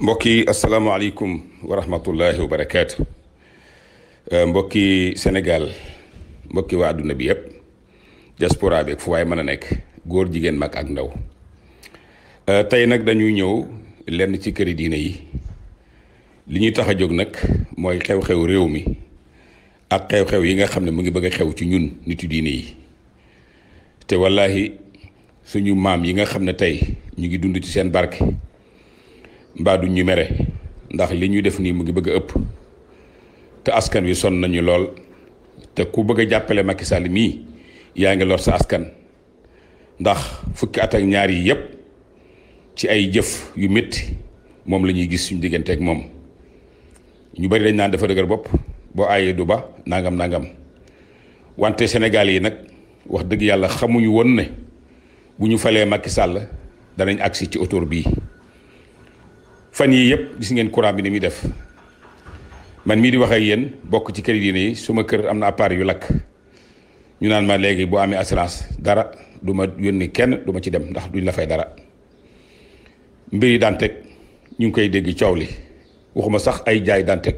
mbokk yi asalaamaaleykum wa rahmatullahi wa barakaatu euh, mbokki Sénégal mbokki waa adduna bi yëpp diaspora bi ak fu waay mën a nekk góor jigéen mag ak ndaw euh, tey nag dañuy ñëw lenn ci këri diine yi li ñuy tax a jóg nag mooy xew-xew réew mi ak xew-xew yi nga xam ne mu ngi bëgg xew ci ñun nitu diine yi te wallahi suñu maam yi nga xam ne tey ñu ngi dund ci seen barke mbaa du ñu mere ndax li ñuy def nii mu ngi bëgg ëpp te askan wi sonn nañu lool te ku bëgg a jàppale Macky Sall mii yaa ngi lor sa askan ndax fukki at ak ñaar yi yépp ci ay jëf yu metti moom la ñuy gis suñu diggante ak moom ñu bari dañ naan dafa dëgër bopp boo aayee du ba nangam nangam wante senegal yi nag wax dëgg yàlla xamuñu woon ne bu ñu falee Macky Sall danañ agsi ci autour bii fan yii yëpp gis ngeen courant bi ni muy def man mii di wax ak yéen bokk ci kër diine yi suma kër am na appareil yu lakk ñu naan ma léegi boo amee assurance dara du ma ni kenn duma ci dem ndax duñ la fay dara mbir yi daan teg ñu ngi koy dégg coow li waxuma sax ay jaay daan teg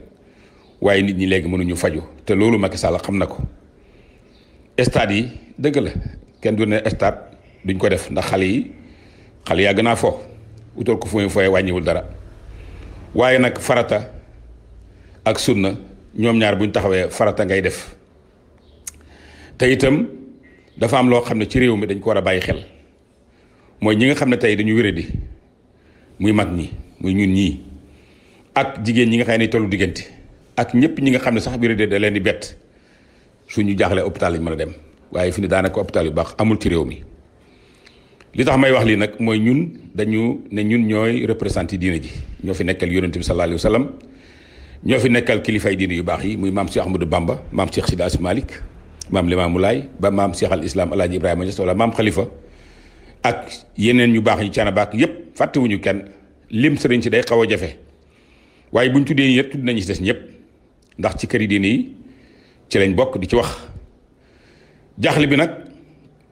waaye nit ñi léegi mënuñu faju te loolu Macky Sall xam na ko stade yi dëgg la kenn du ne stade duñ ko def ndax xale yi xale yaa gën a fo utal ko fu muy fooyee wàññiwul dara waaye nag farata ak sunna ñoom ñaar buñ taxawee farata ngay def te itam dafa am loo xam ne ci réew mi dañ ko war a bàyyi xel mooy ñi nga xam ne tey dañu wéradi muy mag ñi muy ñun ñii ak jigéen ñi nga xam ne tollu diggante ak ñëpp ñi nga xam ne sax wéradi da leen di bett suñu jaaxlee hôpital lañ mën a dem waaye fi ne daanaka hôpital yu baax amul ci réew mi. li tax may wax lii nag mooy ñun dañu ne ñun ñooy représenté diine ji ñoo fi nekkal yonent bi sallallahu alayhi wa ñoo fi nekkal kilifay diine yu baax yi muy maam Cheikh Ahmadou Bamba maam Cheikh Sida malik Malick maam Limaamu Laay ba maam Cheikh al Islam El Hadj Ibrahima Niass wala maam ak yeneen ñu baax yi Canaba yépp fàttewuñu kenn lim sëriñ si day xaw a jafe waaye buñ tuddee yëpp tudd nañu des ñëpp ndax ci këri yi ci lañ bokk di ci wax jaaxle bi nag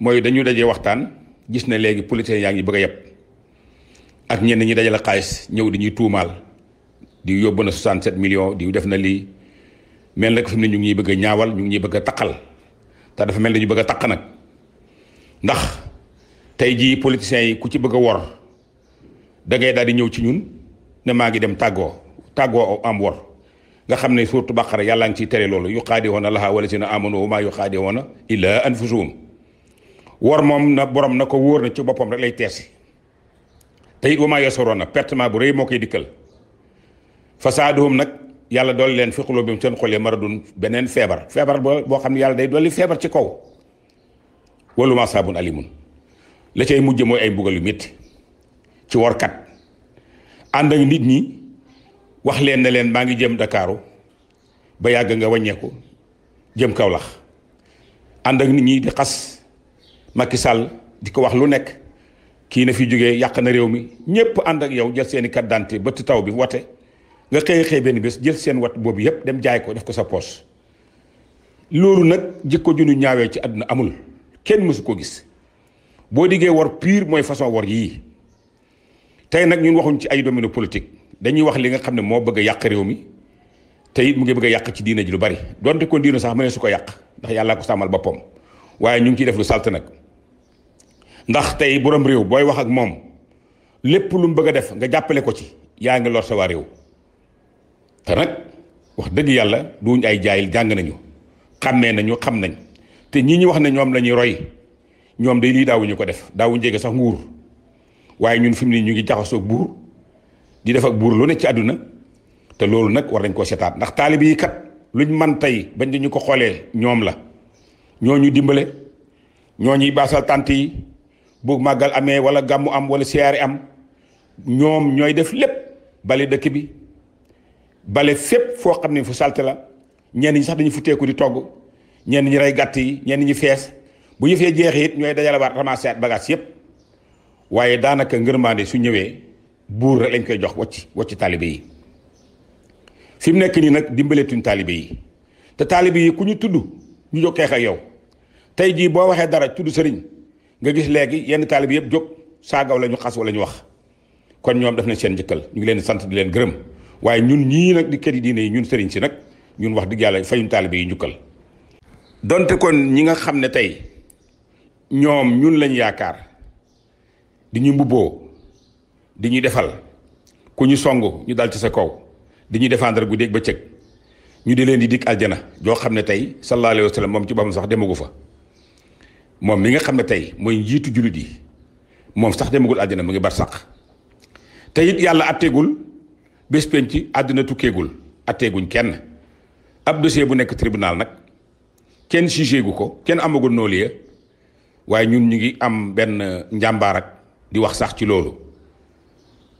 mooy dañu dajee waxtaan. gis na léegi politiciens yaa ngi bëgg a yeb ak ñenn ñi dajale xaalis ñëw di ñuy tuumaal di yóbbu na 67 million di def na lii mel na ko fi mu ne ñu ngi ñuy bëgg a ñaawal ñu ngi ñuy bëgg a taqal te dafa mel ni ñu bëgg a taq nag ndax tey jii politiciens yi ku ci bëgg wor da ngay di ñëw ci ñun ne maa ngi dem tàggoo tàggoo am wor nga xam ne suuratu Baqara yàlla ngi ciy tere loolu yuqaadi'uuna Allaaha wa llaziina aamanuu wa maa yuqaadi'uuna illaa anfusahum war moom na boroom na ko wóor na ci boppam rek lay teesi te ma wamaa yasoroon na pertement bu rëy moo koy dikkal fasaaduhum nag yàlla dool leen fi xulóobihim seen xol yi maradun beneen feebar feebar boo xam ne yàlla day dolli feebar ci kaw walu ma saabun alimun la cay mujj mooy ay mbugal yu métti ci workat ànd ak nit ñi wax leen ne leen maa ngi jëm Ndakaaru ba yàgg nga wàññeeku jëm lax ànd ak nit ñi di xas Macky Sall di ko wax lu nekk kii na fi jóge yàq na réew mi ñëpp ànd ak yow jël seeni i carte d'identité bëtt taw bi wote nga xëy xëy benn bés jël seen wat boobu yëpp dem jaay ko def ko sa poche loolu nag jikko ju nu ñaawee ci àdduna amul kenn mësu ko gis boo diggee wor pire mooy façon wor yii tey nag ñun waxuñ ci ay domaine politique dañuy wax li nga xam ne moo bëgg yàq réew mi te mu ngi bëgg a yàq ci diina ji lu bari donte ko diina sax mënee su ko yàq ndax yàllaa ko sàmmal boppam waaye ñu ngi ciy def lu salt nag. ndax tey boroom réew booy wax ak moom lépp lu mu bëgg a def nga jàppale ko ci yaa ngi lor sa réew te nag wax dëgg yàlla duñ ay jaayil jàng nañu ne nañu xam nañ te ñii ñu wax ne ñoom lañuy roy ñoom de ñu daawuñu ko def daawuñ jege sax nguur waaye ñun fi mu ne ñu ngi jaxasoog buur di def ak buur lu ne ci àdduna te loolu nag war nañ koo seetaat ndax taalib yi kat luñ man tey bañ dañu ko xoolee ñoom la ñoo ñu dimbale ñoo ñuy baasal tànt yi bu màggal amee wala gàmmu am wala siyaare am ñoom ñooy def lépp bale dëkk bi bale fépp foo xam ne fu salte la ñenn ñi sax dañu futteeku di togg ñenn ñi rey gàtt yi ñenn ñi fees bu yëfee jeex it ñooy dajale waat ramasser at bagage yëpp waaye daanaka ngërmaande su ñëwee buur rek lañ koy jox wacc wacc taalibe yi fi mu nekk nii nag dimbaleetuñ taalibe yi te taalibe yi ku ñu tudd ñu jokkee ak yow tey jii boo waxee dara tudd sëriñ nga gis léegi yenn taalib yëpp jóg saagaw lañu ñu xas wala ñu wax kon ñoom def nañ seen njëkkal ñu ngi leen sant di leen gërëm waaye ñun ñii nag di kër yi diine yi ñun sëriñ si nag ñun wax dëgg yàlla fayuñ taalibe yi njukkal donte kon ñi nga xam ne tey ñoom ñun lañ yaakaar di ñu mbubboo di ñu defal ku ñu song ñu dal ci sa kaw di ñu défendre ba bëccëg ñu di leen di dikk aljana joo xam ne tey sallallahu alayhi wa moom ci boppam sax demagu fa moom mi nga xam ne tey mooy njiitu jullit yi moom sax demagul àddina mu ngi bar sàq te it yàlla atteegul bés penc ci àddina tukkeegul atteeguñ kenn ab dossier bu nekk tribunal nag kenn jugé gu ko kenn amagul noolie waaye ñun ñu ngi am benn njàmbaar di wax sax ci loolu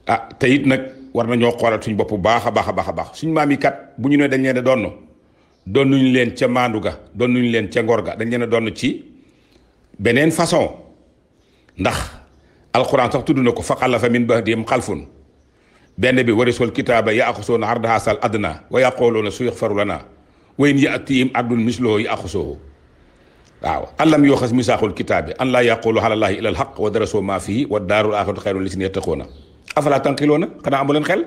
ah tey it nag war nañoo xoolal suñ bopp baax a baax a baax baax suñ maam yi kat bu ñu ne dañ leen a donn donnuñu leen ca maandu ga donnuñu leen ca ngoor ga dañ leen a donn ci beneen façon ndax alquran sax tuddu na ko fa xalafa min bahdihim xalfun benn bi warisul kitaaba yaaxusoona arda haasal adna wa yaqooloona su yaxfaru lana wa in yaatihim ardun misloo yaaxusoohu waaw allam yoo wa darasoo maa fii wa daarul axiratu xayrun li si ne tëxoona afalaa tanqiloona xanaa amu xel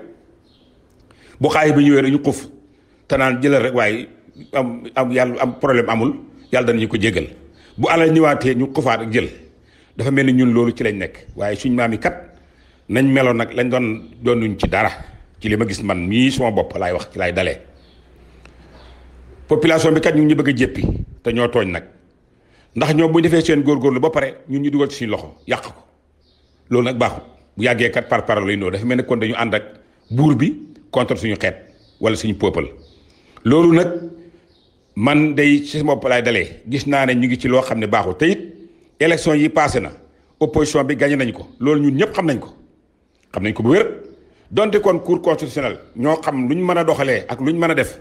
bu xaay bi ñëwee rek ñu xuf te jëlal rek waaye am am yàlla am problème amul yàlla danañu ko jégal bu alal ñëwaatee ñu xufaat ak jël dafa mel ni ñun loolu ci lañ nekk waaye suñ maam yi kat nañ meloon nag lañ doon doon doonuñ ci dara ci li ma gis man mii suma bopp laay wax ci laay dalee. population bi kat ñu ñu bëgg a jéppi te ñoo tooñ nag ndax ñoom bu ñu defee seen góorgóorlu ba pare ñun ñu dugal ci suñu loxo yàq ko loolu nag baaxut bu yàggeekat par par parole yi dafa mel ni kon dañu ànd ak buur bi contre suñu xeet wala suñu peuple loolu nag. man dey ci sama bopp dalee gis naa ne ñu ngi ci loo xam ne baaxul te it yi passé na opposition bi gagné nañ ko loolu ñun ñëpp xam nañ ko xam nañ ko bu wér donte kon cour constitutionnel ñoo xam lu ñu mën a doxalee ak lu ñu mën a def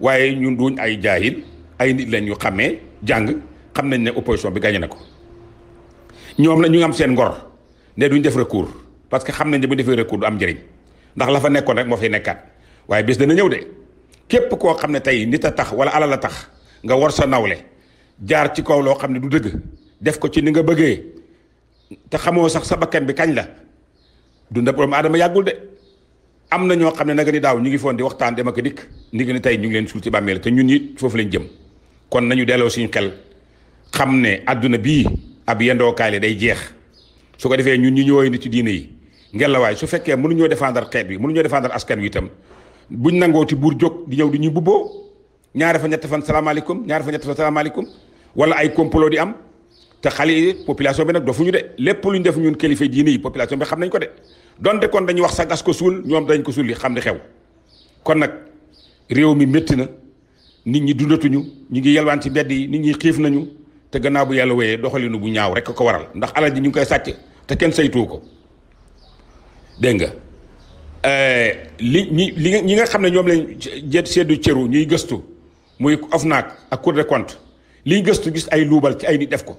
waaye ñun duñ ay jaayil ay nit lañ ñu xàmmee jàng xam nañ ne opposition bi gagné na ko ñoom na ñu am seen ngor ne duñ def recours parce que xam nañ ne bu ñu defee recours du am njëriñ ndax la fa nekkoon rek moo fay nekkaat waaye bés dana ñëw de. képp koo xam ne tey nit a tax wala alal a tax nga wor sa nawle jaar ci kaw loo xam ne du dëgg def ko ci ni nga bëggee te xamoo sax sa bakkan bi kañ la dunda borom aadama yàggul de am na ñoo xam ne nag ni daaw ñu ngi foon di waxtaan dem ak dikk ni ngi ni ñu ngi leen suul ci bàmmeel te ñun it foofu lañ jëm kon nañu delloo suñu xel xam ne àdduna bii ab yendookaay la day jeex su ko defee ñun ñu ñëwoy nit ci diine yi ngelawaay su fekkee mënuñoo défendre xeet bi mënuñoo défendre askan wi itam nangoo nangooti buur jóg di ñëw di ñuy bubboo ñaari fa ñett fan salaamaaleykum ñaari fa ñett fan salaamaaleykum wala ay complot di am te xale yi population bi nag dofuñu de lépp lu ñu def ñun kilifa diine yi population bi xam nañ ko de donte kon dañuy wax sa gas ko suul ñoom dañ ko suul yi xam ne xew kon nag réew mi métti na nit ñi dundatuñu ñu ngi yelwaan ci mbedd yi nit ñi xiif nañu te gannaaw bu yàlla wooyee doxalinu bu ñaaw rek ko waral ndax alal ji ñu ngi koy sàcc te kenn saytuwu ko dégg nga Euh, li ñi li ñi nga xam ne ñoom lañ jët seddu cëru ñuy gëstu muy OFNAC ak Cour des comptes liñ gëstu gis ay luubal ci ay nit def ko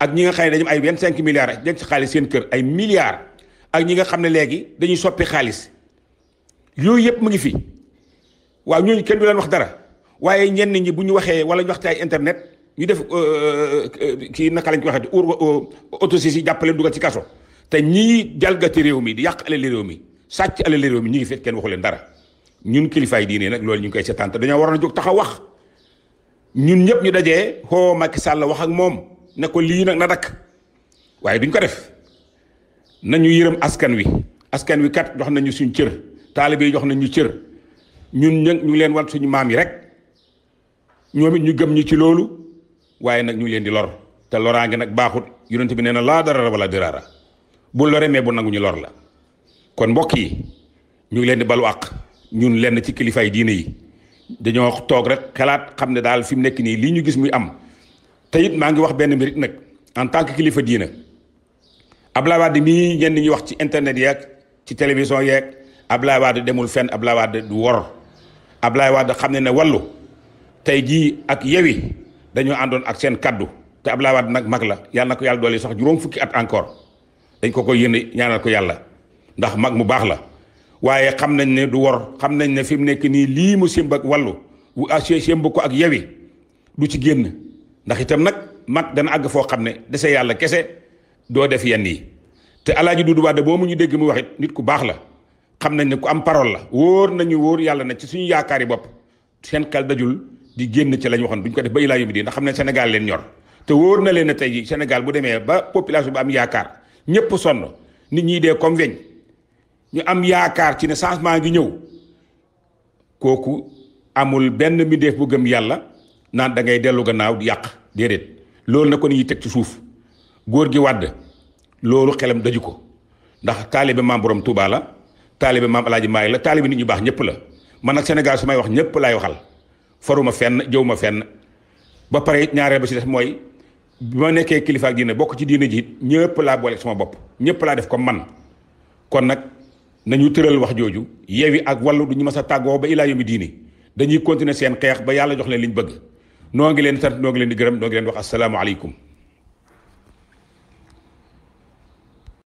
ak ñi nga xam ne dañu ay vingt cinq milliards denc ci xaalis seen kër ay milliards ak ñi nga xam ne léegi dañuy soppi xaalis yooyu yëpp mu ngi fi waaw ñooñu kenn du leen wax dara waaye ñenn ñi bu ñu waxee wala ñu wax ci ay internet ñu def euh, euh, kii naka lañ ko waxee autosis yi jàppale dugal ci kaso te ñii jalgati réew mi di yàq alal réew mi sàcc alal réew mi ñu ngi fekk kenn waxu leen dara ñun kilifaay diine nag loolu ñu ngi koy seetaan te dañoo waroon a jóg taxaw wax ñun ñëpp ñu dajee xoo Macky Sall wax ak moom ne ko lii nag na waaye duñ ko def nañu yërëm askan wi askan wi kat jox nañu suñ cër taalibe yi jox nañu cër ñun leen wan suñu maam yi rek ñoom it ñu gëm ñu ci loolu waaye nag ñu leen di lor te loraange nag baaxut yonent bi nee na laa dara wala diraara bu lore mais bu nangu ñu lor la kon mbokk yi ñu ngi leen di balu àq ñun lenn ci kilifaay diine yi dañoo toog rek xalaat xam ne daal fi mu nekk nii lii ñu gis muy am te maa ngi wax benn mbir nag en tant que kilifa diina Abdoulaye Wade mii ñenn ñi wax ci internet yeeg ci télévision yeeg Abdoulaye Wade demul fenn Abdoulaye Wade du wor Abdoulaye Wade xam ne ne wallu tey jii ak yewi dañoo àndoon ak seen kàddu te Abdoulaye Wade nag mag la yàlla na ko yàlla doole sax juróom fukki at encore dañ ko koy ko yàlla. ndax mag mu baax la waaye xam nañ ne du wor xam nañ ne fi mu nekk nii lii mu simb ak wàllu wu assé ah, simb ko ak yewi du ci génn ndax itam nag mag dana àgg foo xam ne dese yàlla kese doo def yan yi te alaaji Dudu Wade boo mu ñu dégg mu wax it nit ku baax la xam nañ ne ku am parole la wóor nañu wóor yàlla na ci suñu yaakaar yaakaari bopp seen xel dajul di génn ci la ñu waxoon duñ ko def ba ilaa yóbbu di ndax xam ne senegal leen ñor te wóor na leen ne tey jii bu demee ba population bi am yaakaar ñëpp sonn nit ñi dee comme ñu am yaakaar ci ne changement ngi ñëw kooku amul benn mbindeef bu gëm yàlla naan dangay ngay dellu gannaaw yàq déedéet loolu na ko nit teg ci suuf góor gi wàdd loolu xelem daju ko ndax taalibe maam borom Touba la taalibe maam alaaji Maalik la taalibe nit ñu baax ñëpp la man nag Sénégal su may wax ñëpp laay waxal faruma fenn jëwuma fenn ba pare ñaareel ba si des mooy bi ma nekkee kilifa ak diine bokk ci diine jiit ñëpp laa boole sama bopp ñëpp laa def comme man nañu tëral wax jooju yewi ak wàllu duñu mas a tàggoo ba ilaa yomi diini dañuy continuer seen xeex ba yàlla jox leen liñ bëgg noo ngi leen sant noo ngi leen di gërëm noo ngi leen wax asalaamaaleykum